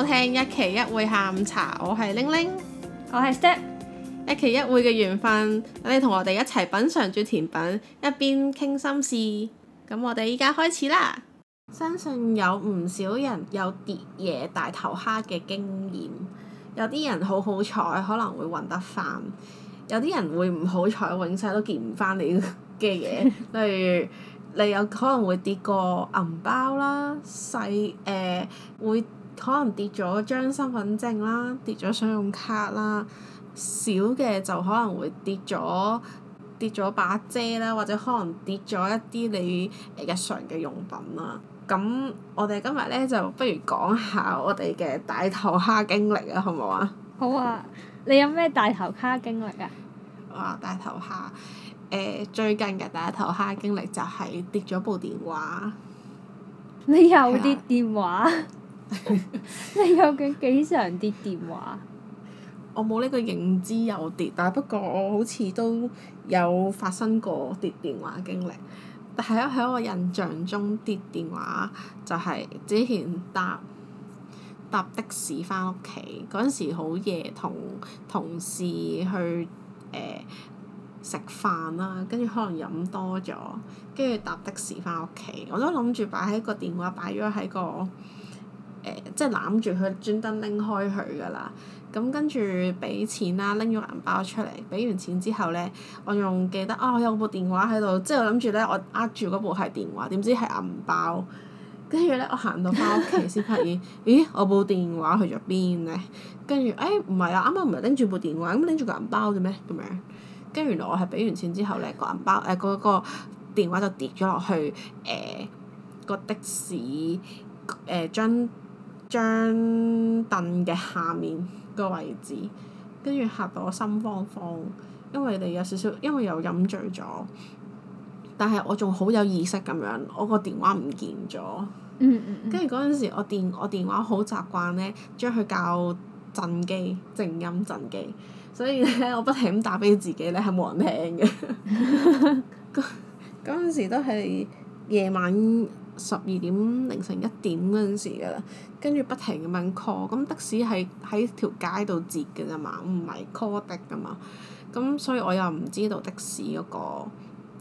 收聽一期一會下午茶，我係玲玲，我係是 Step，一期一會嘅緣分，等你同我哋一齊品嘗住甜品，一邊傾心事，咁我哋依家開始啦。相信有唔少人有跌嘢大頭蝦嘅經驗，有啲人好好彩，可能會揾得翻；有啲人會唔好彩，永世都見唔翻你嘅嘢。 例如，你有可能會跌個銀包啦，細誒、呃、會。可能跌咗張身份證啦，跌咗信用卡啦，少嘅就可能會跌咗跌咗把遮啦，或者可能跌咗一啲你日常嘅用品啦。咁我哋今日咧就不如講下我哋嘅大頭蝦經歷啊，好唔好啊？好啊！你有咩大頭蝦經歷啊？哇！大頭蝦誒、呃、最近嘅大頭蝦經歷就係跌咗部電話。你有跌電話？ 你究竟幾常跌電話？我冇呢個認知有跌，但係不過我好似都有發生過跌電話經歷。但係喺我印象中跌電話就係、是、之前搭搭的士翻屋企嗰陣時好夜，同同事去誒食飯啦，跟、呃、住可能飲多咗，跟住搭的士翻屋企，我都諗住擺喺個電話，擺咗喺個。誒即係攬住佢，專登拎開佢噶啦。咁跟住俾錢啦，拎咗銀包出嚟。俾完錢之後咧，我仲記得啊，我、哦、有部電話喺度，即係我諗住咧，我握住嗰部係電話，點知係銀包。跟住咧，我行到翻屋企先發現， 咦？我部電話去咗邊咧？跟住，哎，唔係啊，啱啱唔係拎住部電話，咁拎住個銀包做咩？咁樣。跟住原來我係俾完錢之後咧，個銀包誒嗰、呃、個，個，個電話就跌咗落去誒、呃、個的士誒將。呃將張凳嘅下面個位置，跟住嚇到我心慌慌，因為你有少少，因為又飲醉咗，但係我仲好有意識咁樣，我個電話唔見咗，嗯嗯，跟住嗰陣時我電我電話好習慣咧，將佢校震機靜音震機，所以咧我不停咁打俾自己咧，係冇人聽嘅，嗰嗰陣時都係夜晚。十二點凌晨一點嗰陣時㗎啦，跟住不停咁樣 call，咁的士係喺條街度截㗎啫嘛，唔係 call 的㗎嘛，咁所以我又唔知道的士嗰、那個誒、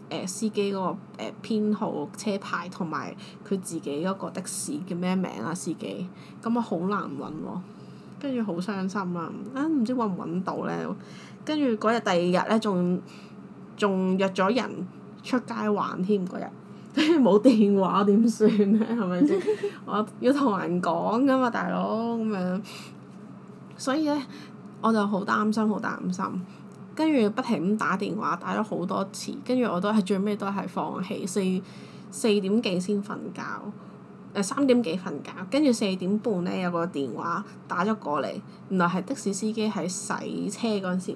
呃、司機嗰、那個誒、呃、編號車牌同埋佢自己嗰個的士叫咩名啊司機，咁我好難揾喎、啊，跟住好傷心啦、啊，啊唔知揾唔揾到咧，跟住嗰日第二日咧仲仲約咗人出街玩添嗰日。冇 電話點算咧？係咪先？ 我要同人講噶嘛，大佬咁樣。所以咧，我就好擔心，好擔心。跟住不停咁打電話，打咗好多次，跟住我都係最尾都係放棄。四四點幾先瞓覺？誒、呃，三點幾瞓覺？跟住四點半咧，有個電話打咗過嚟，原來係的士司機喺洗車嗰時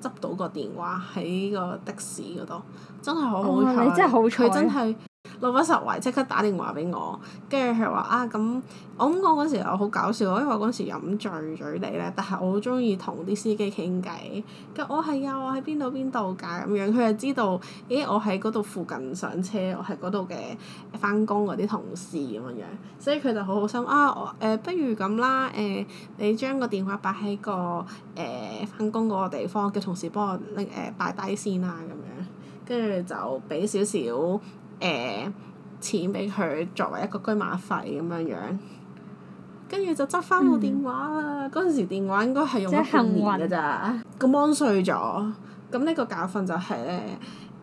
執到個電話喺個的士嗰度，真係好好彩！佢、哦、真係～老實話即刻打電話俾我，跟住佢話啊咁，我咁我嗰時我好搞笑，因為我嗰時飲醉醉地咧，但係我好中意同啲司機傾偈。咁我係啊，我喺邊度邊度㗎咁樣，佢就知道，咦、欸，我喺嗰度附近上車，我喺嗰度嘅翻工嗰啲同事咁樣。所以佢就好好心啊！我誒、啊呃、不如咁啦，誒、呃、你將個電話擺喺個誒翻工嗰個地方叫同事幫我拎誒擺低先啦。咁樣，跟住就俾少少。誒、呃、錢俾佢作為一個車馬費咁樣樣，跟住就執翻部電話啦。嗰陣、嗯、時電話應該係用咗幾年㗎咋個 mon 碎咗。咁、嗯、呢、這個教訓就係咧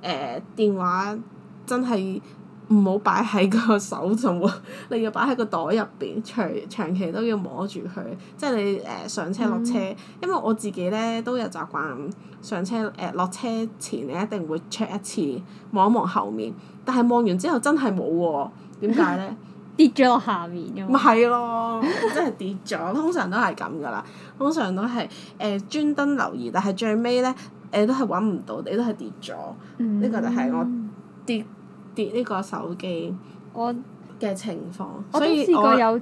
誒電話真係唔好擺喺個手度， 你要擺喺個袋入邊，長長期都要摸住佢。即係你誒、呃、上車落車，嗯、因為我自己咧都有習慣上車誒落、呃、車前，你一定會 check 一次望一望後面。但係望完之後真係冇喎，點解咧？ 跌咗落下面啫嘛。咪係咯，真係跌咗。通常都係咁噶啦，通常都係誒專登留意，但係最尾咧誒都係揾唔到，你都係跌咗。呢、嗯、個就係我跌跌呢個手機我嘅情況。我都試過有，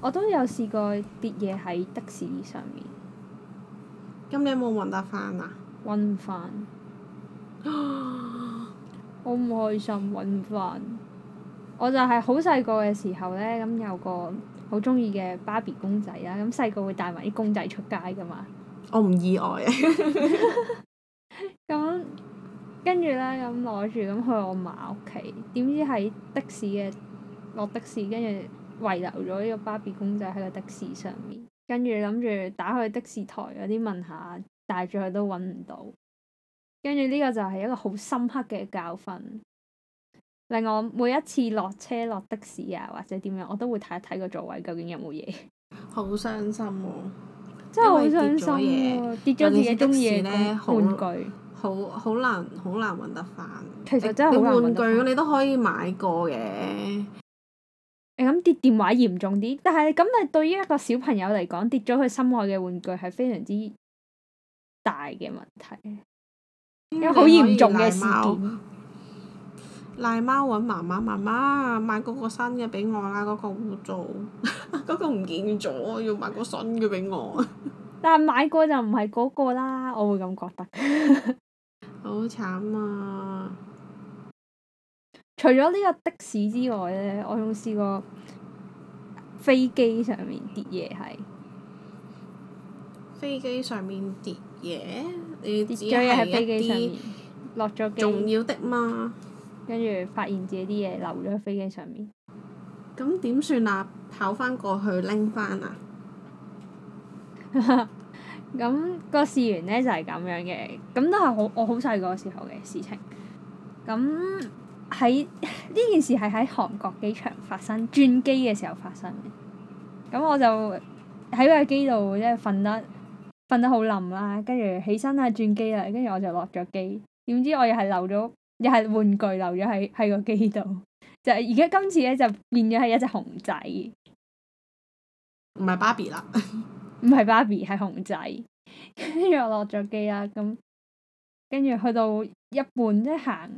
我都有試過跌嘢喺的士上面。咁、嗯、你有冇揾得翻啊？揾唔翻。 好唔開心，揾唔翻。我就係好細個嘅時候咧，咁有個好鍾意嘅芭比公仔啦。咁細個會帶埋啲公仔出街㗎嘛。我唔意外。咁 跟住咧，咁攞住咁去我媽屋企，點知喺的士嘅落的士，跟住遺留咗呢個芭比公仔喺個的，的士上面。跟住諗住打去的士台嗰啲問下，帶住佢都揾唔到。跟住呢個就係一個好深刻嘅教訓，令我每一次落車落的士啊，或者點樣，我都會睇一睇個座位究竟有冇嘢。好傷心喎，哦！真係好傷心，哦。跌咗跌咗自己鍾意嘅玩具，好好，好難好難揾得翻。其實真係好玩具你都可以買過嘅。咁、哎、跌電話嚴重啲，但係咁誒對於一個小朋友嚟講，跌咗佢心愛嘅玩具係非常之大嘅問題。一個好嚴重嘅事件，賴貓揾媽媽，媽媽買嗰個新嘅畀我啦，嗰、嗰個污糟，嗰 個唔見咗，要買個新嘅畀我。但係買過就唔係嗰個啦，我會咁覺得。好 慘啊！除咗呢個的士之外咧，我仲試過飛機上面跌嘢係飛機上面跌。嘢，你啲嘢喺飛機上面落咗機，重要的嘛？跟住發現自己啲嘢留咗喺飛機上面。咁點算啊？跑翻過去拎翻啊！咁、個事緣咧就係、是、咁樣嘅，咁都係好我好細個時候嘅事情。咁喺呢件事係喺韓國機場發生轉機嘅時候發生。咁我就喺個機度即係瞓得。瞓得好冧啦，跟住起身啦，轉機啦，跟住我就落咗機。點知我又係留咗，又係玩具留咗喺喺個機度。就而家今次咧就變咗係一隻熊仔，唔係芭比啦，唔係芭比係熊仔。跟住我落咗機啦，咁跟住去到一半，即係行，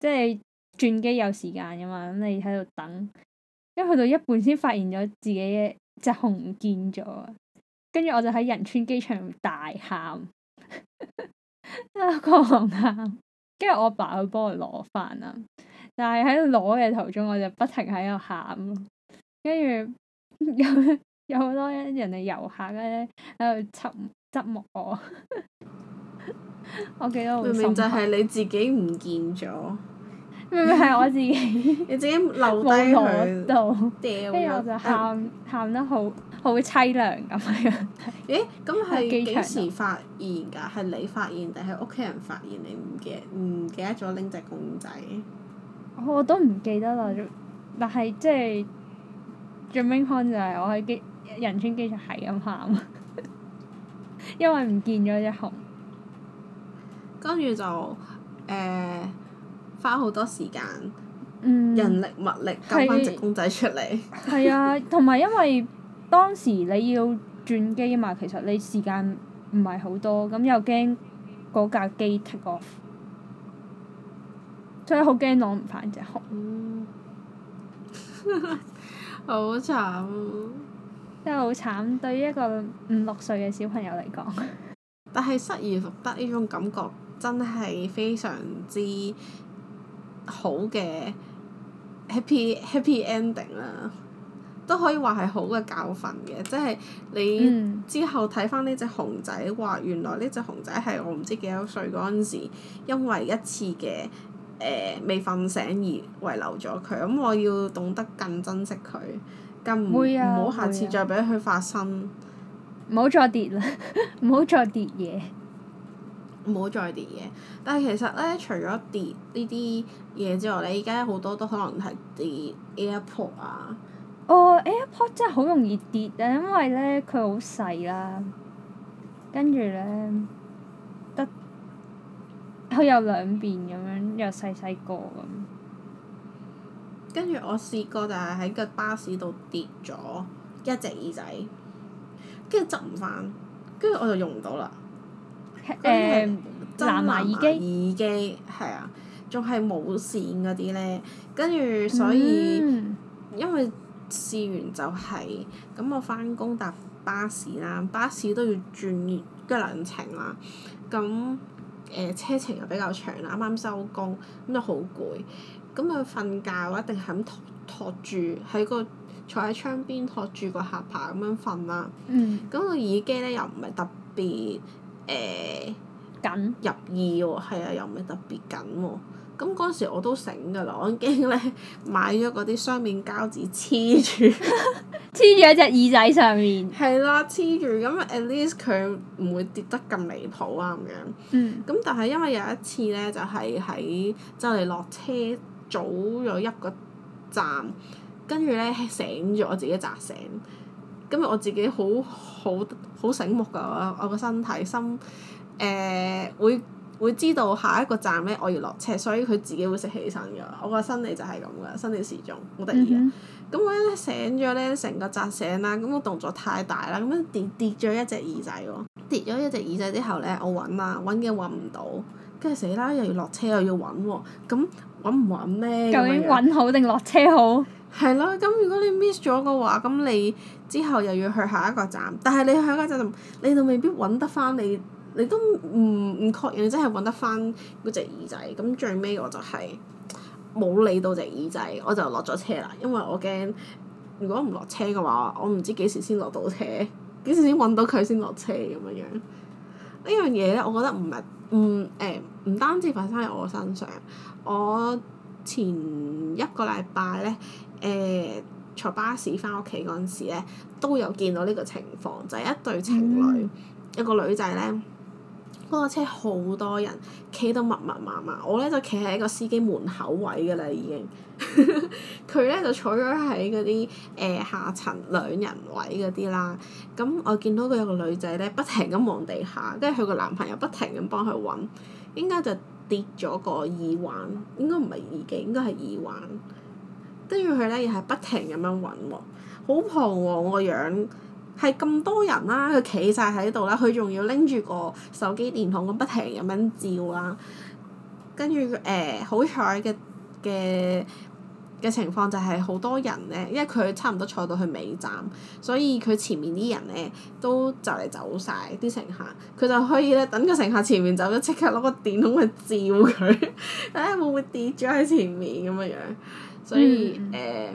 即係轉機有時間噶嘛，咁你喺度等。跟住去到一半先發現咗自己嘅隻熊唔見咗。跟住我就喺仁川機場大喊 啊，狂喊！跟住我爸去幫我攞返啦，但係喺攞嘅途中我就不停喺度喊，跟住 有有好多人哋遊客咧喺度責責罵我， 我記得多？明明就係你自己唔見咗。明明係我自己， 你自己留低我度。跟住我就喊喊、呃、得好，好淒涼咁樣。 咦？咁係幾時發現㗎？係你發現定係屋企人發現你？你唔記唔記得咗拎隻公仔？我都唔記得啦，但係即係最尾可能就係我喺機仁川機場係咁喊。 因為唔見咗隻熊。跟住就誒。呃花好多時間，嗯、人力物力救翻隻公仔出嚟。係啊，同埋因為當時你要轉機嘛，其實你時間唔係好多，咁又驚嗰架機 take off，所以 慘 真係好驚攞唔翻隻熊。好慘，真係好慘，對於一個五六歲嘅小朋友嚟講。但係失而復得呢種感覺真係非常之～好嘅 happy happy ending 啦、啊，都可以話係好嘅教訓嘅，即係你之後睇翻呢隻熊仔話原來呢隻熊仔係我唔知幾多歲嗰陣時，因為一次嘅誒、呃、未瞓醒而遺留咗佢，咁我要懂得更珍惜佢，更唔好下次再俾佢發生，唔好、啊啊、 再跌啦，唔 好再跌嘢。冇再跌嘅，但係其實咧，除咗跌呢啲嘢之外咧，依家好多都可能係跌 AirPod 啊。哦，AirPod 真係好容易跌啊，因為咧佢好細啦，跟住咧得佢有兩邊咁樣，又細細個咁。跟住我試過，就係喺個巴士度跌咗一隻耳仔，跟住執唔翻，跟住我就用唔到啦。誒藍牙耳機，耳機係啊，仲係冇線嗰啲咧。跟住所以，嗯、因為試完就係、是、咁，我翻工搭巴士啦，巴士都要轉嘅兩程啦。咁誒、呃、車程又比較長啦，啱啱收工咁就好攰。咁佢瞓覺一定係咁托住喺個坐，喺窗邊托住個下巴咁樣瞓啦。嗯。咁個耳機咧又唔係特別。誒、呃、緊入耳喎、哦，係啊，又唔係特別緊喎、哦。咁嗰時我都醒㗎啦，我已經咧買咗嗰啲雙面膠紙黐住、嗯，黐 住喺隻耳仔上面。係 啦，黐住咁 at least 佢唔會跌得咁離譜啊，咁樣。嗯。咁但係因為有一次咧，就係、是、喺就嚟、是、落車早咗一個站，跟住咧醒咗，我自己扎醒。今日我自己好好。好醒目噶，我我個身體心誒、呃、會會知道下一個站咧，我要落車，所以佢自己會識起身噶。我個心理就係咁噶，生理時鐘好得意啊。咁、嗯、哼我一醒咗咧，成個扎醒啦，咁個動作太大啦，咁樣跌跌咗一隻耳仔喎。跌咗一隻耳仔之後咧，我揾啊揾嘅揾唔到，跟住死啦，又要落車又要揾喎、啊，咁揾唔揾咧？找找究竟揾好定落車好？係咯，咁如果你 miss 咗嘅話，咁你之後又要去下一個站，但係你去下一個站，你就未必揾得翻你，你都唔唔確認真係揾得翻嗰隻耳仔。咁最尾我就係、是、冇理到隻耳仔，我就落咗車啦，因為我驚如果唔落車嘅話，我唔知幾時先落到車，幾時先揾到佢先落車咁樣樣。樣呢樣嘢咧，我覺得唔係唔誒唔單止發生喺我身上，我前一個禮拜咧。誒、欸、坐巴士翻屋企嗰陣時咧，都有見到呢個情況，就係、是、一對情侶，嗯嗯一個女仔咧，嗰個車好多人，企到密密麻麻，我咧就企喺個司機門口位嘅啦，已經。佢 咧就坐咗喺嗰啲誒下層兩人位嗰啲啦，咁我見到佢有個女仔咧，不停咁望地下，跟住佢個男朋友不停咁幫佢揾，應該就跌咗個耳環，應該唔係耳機，應該係耳環。跟住佢咧，又係不停咁樣揾喎，好彷徨個樣。係咁多人啦、啊，佢企晒喺度啦，佢仲要拎住個手機電筒咁不停咁樣照啦。跟住佢，誒、呃，好彩嘅嘅。嘅情況就係好多人咧，因為佢差唔多坐到去尾站，所以佢前面啲人咧都就嚟走晒。啲乘客，佢就可以咧等個乘客前面走咗，即刻攞個電筒去照佢，睇 下、哎、會唔會跌咗喺前面咁嘅樣，樣。所以誒、嗯呃，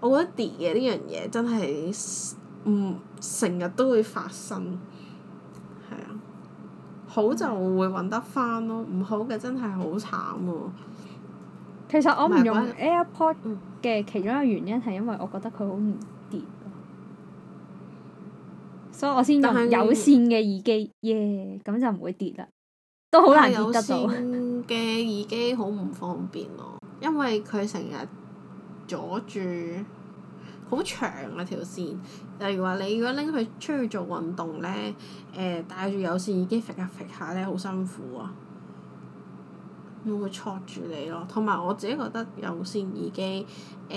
我覺得跌嘢呢樣嘢真係唔成日都會發生，係啊，好就會揾得翻咯，唔好嘅真係好慘喎、啊。其實我唔用 AirPod 嘅其中一個原因係因為我覺得佢好唔跌，所以我先用有線嘅耳機。耶，咁就唔會跌啦，都好難跌得到。有線嘅耳機好唔方便咯、啊，因為佢成日阻住好長嘅、啊、條線。例如話你如果拎佢出去做運動咧，誒、呃、帶住有線耳機揈下揈下咧，好辛苦啊！會唔會挫住你咯？同埋我自己覺得有線耳機，誒、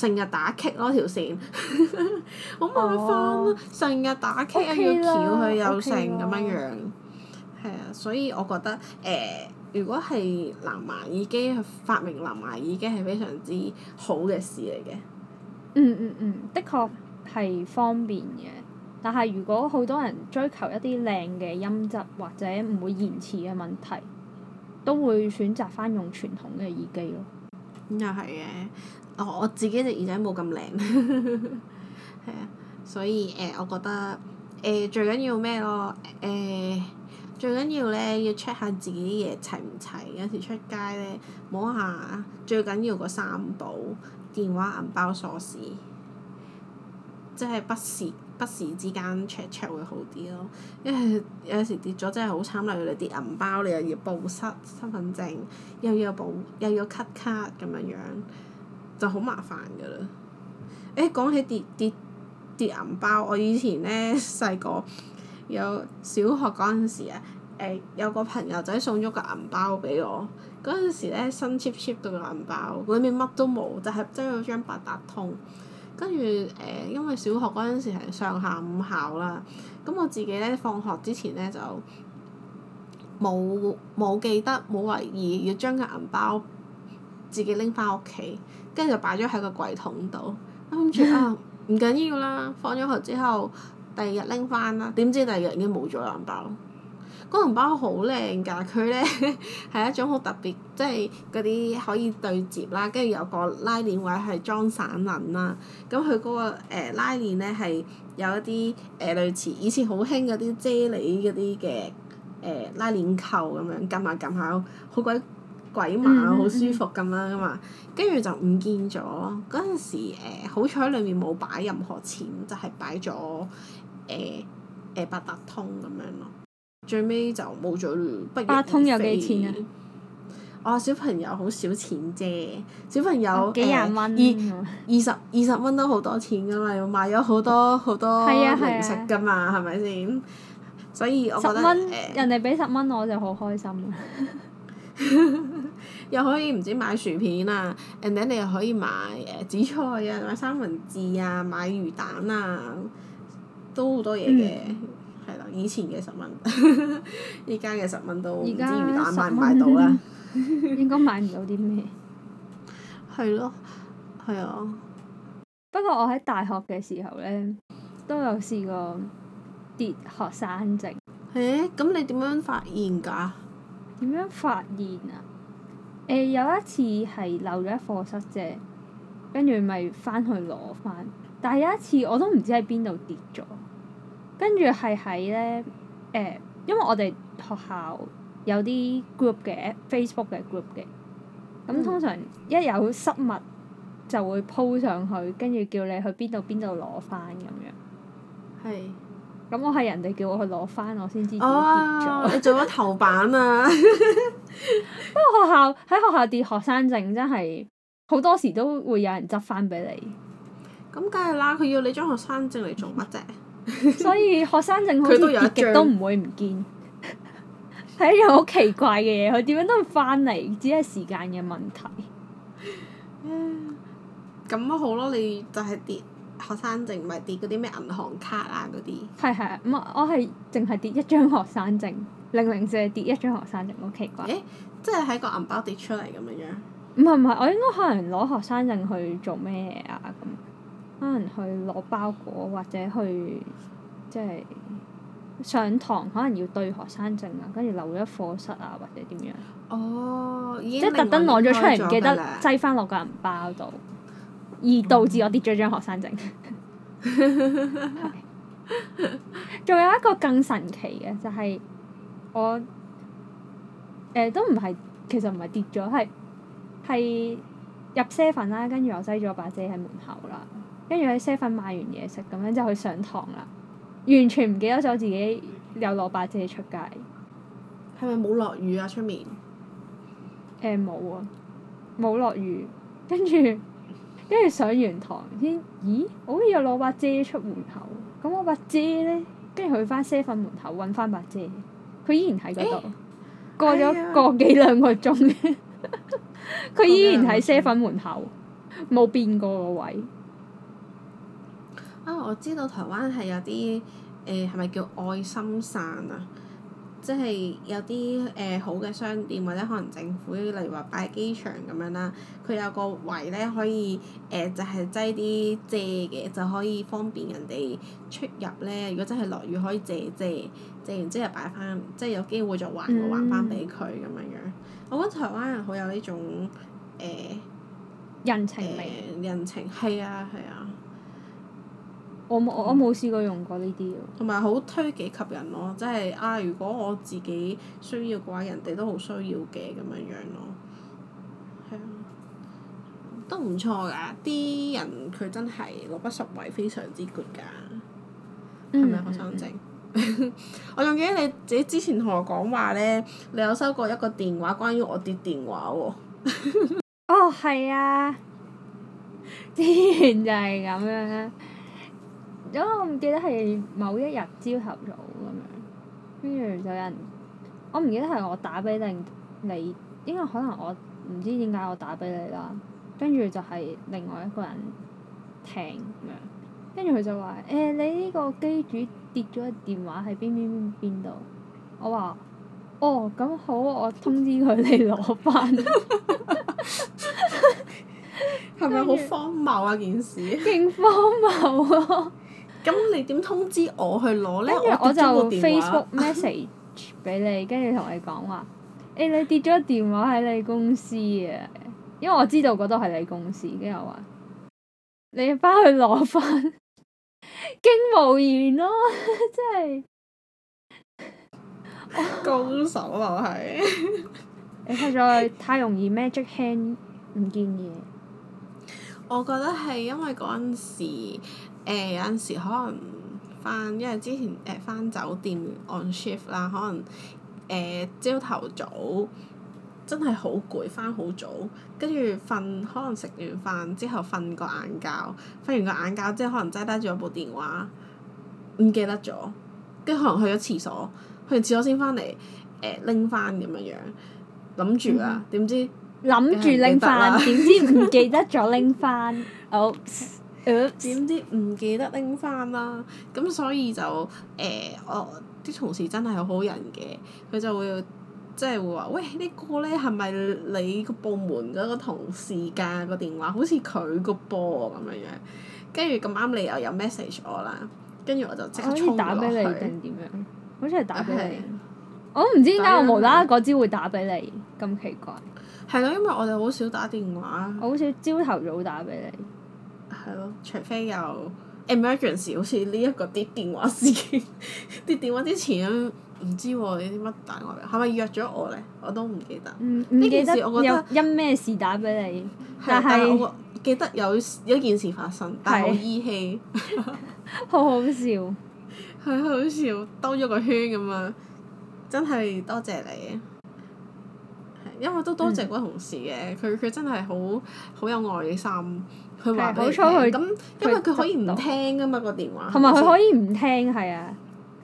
成日打結咯條線，好 麻煩、啊。哦、成日打結，又要撬佢又成咁樣樣。係啊，所以我覺得誒、呃，如果係藍牙耳機，發明藍牙耳機係非常之好嘅事嚟嘅、嗯。嗯嗯嗯，的確係方便嘅，但係如果好多人追求一啲靚嘅音質或者唔會延遲嘅問題。都會選擇翻用傳統嘅耳機咯。咁又係嘅，我自己隻耳仔冇咁靈，係 啊，所以誒、呃，我覺得誒、呃、最緊要咩咯？誒、呃、最緊要咧要 check 下自己嘅嘢齊唔齊，有時出街咧摸下，最緊要個三寶：電話、銀包、鎖匙。即係不時不時之間 check check 會好啲咯、哦，因為有時跌咗真係好慘，例如你跌銀包，你又要報失身份證，又要報又要 cut 卡咁樣樣，就好麻煩噶啦。誒、欸，講起跌跌跌銀包，我以前咧細個，有小學嗰陣時啊，誒、呃、有個朋友仔送咗個銀包俾我，嗰陣時咧新 cheap cheap 到個銀包，裏面乜都冇，就係只有張八達通。跟住誒，因為小學嗰陣時係上下午校啦，咁我自己咧放學之前咧就冇冇記得冇為意要將個銀包自己拎翻屋企，跟住就擺咗喺個櫃桶度，諗住啊唔緊要啦，放咗學之後第二日拎翻啦，點知第二日已經冇咗銀包。公文包好靚㗎，佢咧係一種好特別，即係嗰啲可以對接啦，跟住有個拉鍊位係裝散銀啦。咁佢嗰個誒、呃、拉鍊咧係有一啲誒、呃、類似以前好興嗰啲啫喱嗰啲嘅誒拉鍊扣咁樣，撳下撳下好鬼鬼馬，好、嗯嗯嗯、舒服咁啦嘛。跟住就唔見咗。嗰陣時誒、呃、好彩裡面冇擺任何錢，就係擺咗誒誒八達通咁樣咯。最尾就冇咗，不如免費。八通有幾錢啊？我小朋友好少錢啫，小朋友，小朋友幾廿蚊，二二十二十蚊都好多錢噶嘛，買咗好多好多零食噶嘛，係咪先？所以我覺得元、呃、人哋俾十蚊我就好開心啦！ 又可以唔止買薯片啊，人哋咧又可以買誒紫菜啊，買三文治啊，買魚蛋啊，都好多嘢嘅。嗯係啦，以前嘅十蚊，依家嘅十蚊都唔知魚蛋賣唔賣到啦。 應該買唔到啲咩？係咯，係啊。不過我喺大學嘅時候咧，都有試過跌學生證。誒、欸，咁你點樣發現㗎？點樣發現啊？誒、呃，有一次係漏咗喺課室啫，跟住咪翻去攞翻。但係有一次我都唔知喺邊度跌咗。跟住係喺咧誒，因為我哋學校有啲 group 嘅 Facebook 嘅 group 嘅，咁通常一有失物就會 po 上去，跟住叫你去邊度邊度攞翻咁樣。係是。咁我係人哋叫我去攞翻，我先知點跌咗。 你做咗頭版啊！不 過學校喺學校跌學生證真係好多時都會有人執翻俾你。咁梗係啦！佢要你張學生證嚟做乜啫？ 所以學生證好似跌極都唔會唔見 ，係 一樣好奇怪嘅嘢。佢點樣都翻嚟，只係時間嘅問題。咁啊、 嗯、好咯，你就係跌學生證，唔係跌嗰啲咩銀行卡啊嗰啲。係啊，唔係！我係淨係跌一張學生證，零零舍跌一張學生證，好奇怪。誒、欸，即係喺個銀包跌出嚟咁樣。唔係唔係，我應該可能攞學生證去做咩啊咁。可能去攞包裹或者去即係上堂，可能要對學生證啊，跟住留咗課室啊，或者點樣？哦、oh, 已，即係特登攞咗出嚟，唔記得擠翻落個銀包度，而導致我跌咗張學生證。仲有一個更神奇嘅就係、是、我誒、呃、都唔係，其實唔係跌咗，係係入 seven 啦，跟住我擠咗把遮喺門口啦。跟住喺 seven 買完嘢食咁樣之後，佢上堂啦，完全唔記得咗自己有攞把遮出街。係咪冇落雨啊？出面。誒冇啊！冇落雨，跟住跟住上完堂先，咦？我好似有攞把遮出門口，咁我把遮咧，跟住去翻 seven 門口揾翻把遮，佢依然喺嗰度，欸、過咗個幾兩個鐘，佢、哎、呀 依然喺 seven 門口，冇變過個位。啊、哦！我知道台灣係有啲誒係咪叫愛心傘啊？即、就、係、是、有啲誒、呃、好嘅商店或者可能政府，例如話擺喺機場咁樣啦，佢有個位咧可以誒、呃、就係、是、擠啲借嘅，就可以方便人哋出入咧。如果真係落雨，可以借借，借完之後擺翻，即係有機會再還過還翻俾佢咁樣樣。我覺得台灣人好有呢種誒、呃、人情味。呃、人情係啊係啊。我冇我冇試過用過呢啲，同埋好推己及人咯、啊，即係啊！如果我自己需要嘅話，人哋都好需要嘅咁樣樣、啊、咯。係啊。都唔錯㗎，啲人佢真係落不實惠，非常之 good 㗎。係咪學生證？我仲記得你自己之前同我講話咧，你有收過一個電話，關於我啲電話喎、啊。 哦，係啊。之前就係咁樣。因為我唔記得係某一日朝頭早咁樣，跟住就有人，我唔記得係我打俾定你，因為可能我唔知點解我打俾你啦，跟住就係另外一個人聽咁樣，跟住佢就話誒、欸、你呢個機主跌咗電話喺邊邊邊度，我話哦咁、哦、好，我通知佢你攞翻。係咪好荒謬啊！件事。勁、嗯、荒謬啊！ 咁你點通知我去攞咧？跟住我就 Facebook，message 俾 你，跟住同你講話。誒、欸，你跌咗電話喺你公司啊！因為我知道嗰度係你公司，跟住我話。你翻去攞翻。 驚無言咯、哦！即 係是。高 手又係。 你實在 太容易 magic hand 唔見嘢。我覺得係因為嗰陣時。誒、欸、有陣時可能翻，因為之前誒翻、欸、酒店 on shift 啦、欸，可能誒朝頭早真係好攰，翻好早，跟住瞓，可能食完飯之後瞓個晏覺，瞓完個晏覺之後可能擠低住部電話，唔記得咗，跟住可能去咗廁所，去完廁所先翻嚟誒拎翻咁樣樣，諗住啊，點知諗住拎翻，點知唔記得咗拎翻， 好。點知唔記得拎翻啦？咁所以就誒、欸，我啲同事真係好好人嘅，佢就會即係會話：喂，呢個、呢個咧係咪你個部門嗰個同事㗎個電話？好似佢個噃咁樣樣。跟住咁啱你又有 message 我啦，跟住我就即刻衝過去打俾你定點樣？好似係打俾你。Okay. 我都唔知點解我無啦啦嗰支會打俾你，咁奇怪。係咯，因為我哋好少打電話，我好少朝頭早打俾你。係咯，除非有 emergency，好似呢一個啲電話事件，啲 電話之前唔知喎啲乜大礙，係咪約咗我咧？我都唔記得。呢唔我記得。覺得因咩事打俾你？係啊 是！ 但係我記得有有一件事發生，但好依稀。好 好笑。係 好笑，兜咗個圈咁啊！真係多謝，謝你。係， 因為都多謝嗰個同事嘅，佢佢、嗯、真係好好有愛心。佢好彩佢咁，因為佢可以唔聽噶嘛個電話。同埋佢可以唔聽，係啊！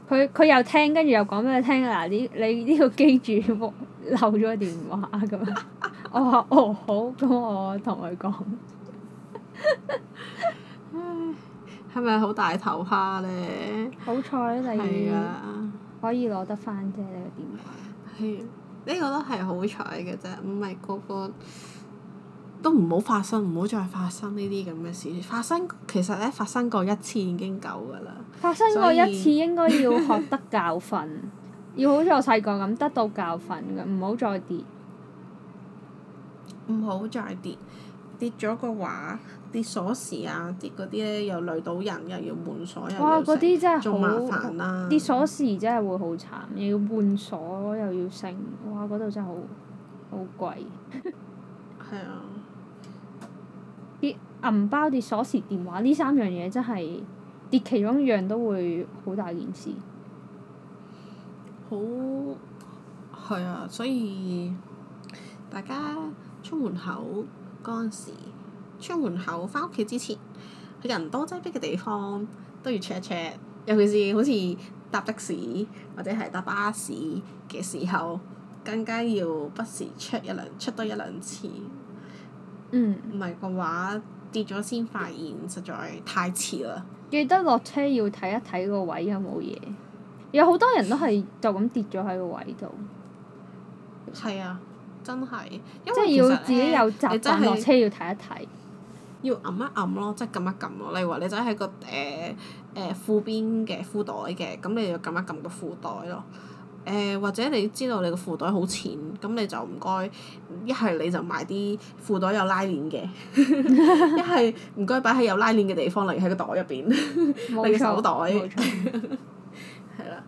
佢佢又聽，跟住又講俾佢聽。嗱，你呢個機主漏咗電話咁啊！我話哦好，咁我同佢講。係咪好大頭蝦咧？好彩你啊，可以攞得翻啫！你呢個電話。係，呢個都係好彩嘅啫，唔係個個。都唔好發生，唔好再發生呢啲咁嘅事。發生其實咧，發生過一次已經夠噶啦。發生過一次應該要學得教訓，所以 要好似我細個咁得到教訓嘅，唔好再跌。唔好再跌，跌咗個話，跌鎖匙啊！跌嗰啲咧，又累到人，又要換鎖又，又。哇！嗰啲真係好。煩啦～跌鎖匙真係會好慘，又要換鎖又要剩，哇！嗰度真係好，好貴。係啊！銀包跌鎖匙電話呢三樣嘢真係跌其中一樣都會好大件事。好係啊，所以大家出門口嗰陣時，出門口返屋企之前，去人多擠逼嘅地方都要 check 一 check。尤其是好似搭的士或者係搭巴士嘅時候，更加要不時 check 一兩 check 多一兩次。嗯。唔係嘅話。跌咗先發現，實在太遲啦！記得落車要睇一睇個位有冇嘢，有好多人都係就咁跌咗喺個位度。係啊，真係，因為其實咧，你真係落車要睇一睇，要揞一揞咯，即係撳一撳咯。例如話，你真係喺個誒誒褲邊嘅褲袋嘅，咁你就要撳一撳個褲袋咯。誒、呃、或者你知道你個褲袋好淺，咁你就唔該一係你就買啲褲袋有拉鏈嘅，一係唔該擺喺有拉鏈嘅地方，例如喺個袋入邊，錯 你嘅手袋，係啦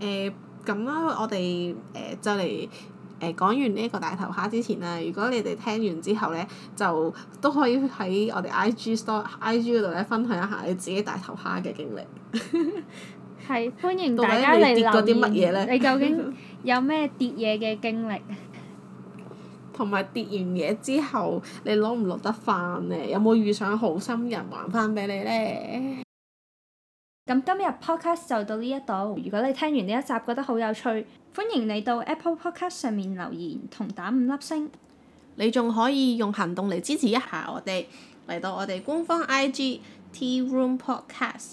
錯。誒咁啦，呃、我哋誒、呃、就嚟誒、呃、講完呢一個大頭蝦之前啦，如果你哋聽完之後咧，就都可以喺我哋 I G store、I G 嗰度咧分享一下你自己大頭蝦嘅經歷。 係，歡迎大家嚟留言。你，你究竟有咩跌嘢嘅經歷？同埋 跌完嘢之後，你攞唔落得翻咧？有冇遇上好心人還翻俾你咧？咁今日 podcast 就到呢一度。如果你聽完呢一集覺得好有趣，歡迎你到 Apple Podcast 上面留言同打五粒星。你仲可以用行動嚟支持一下我哋，嚟到我哋官方 IG Tea Room Podcast。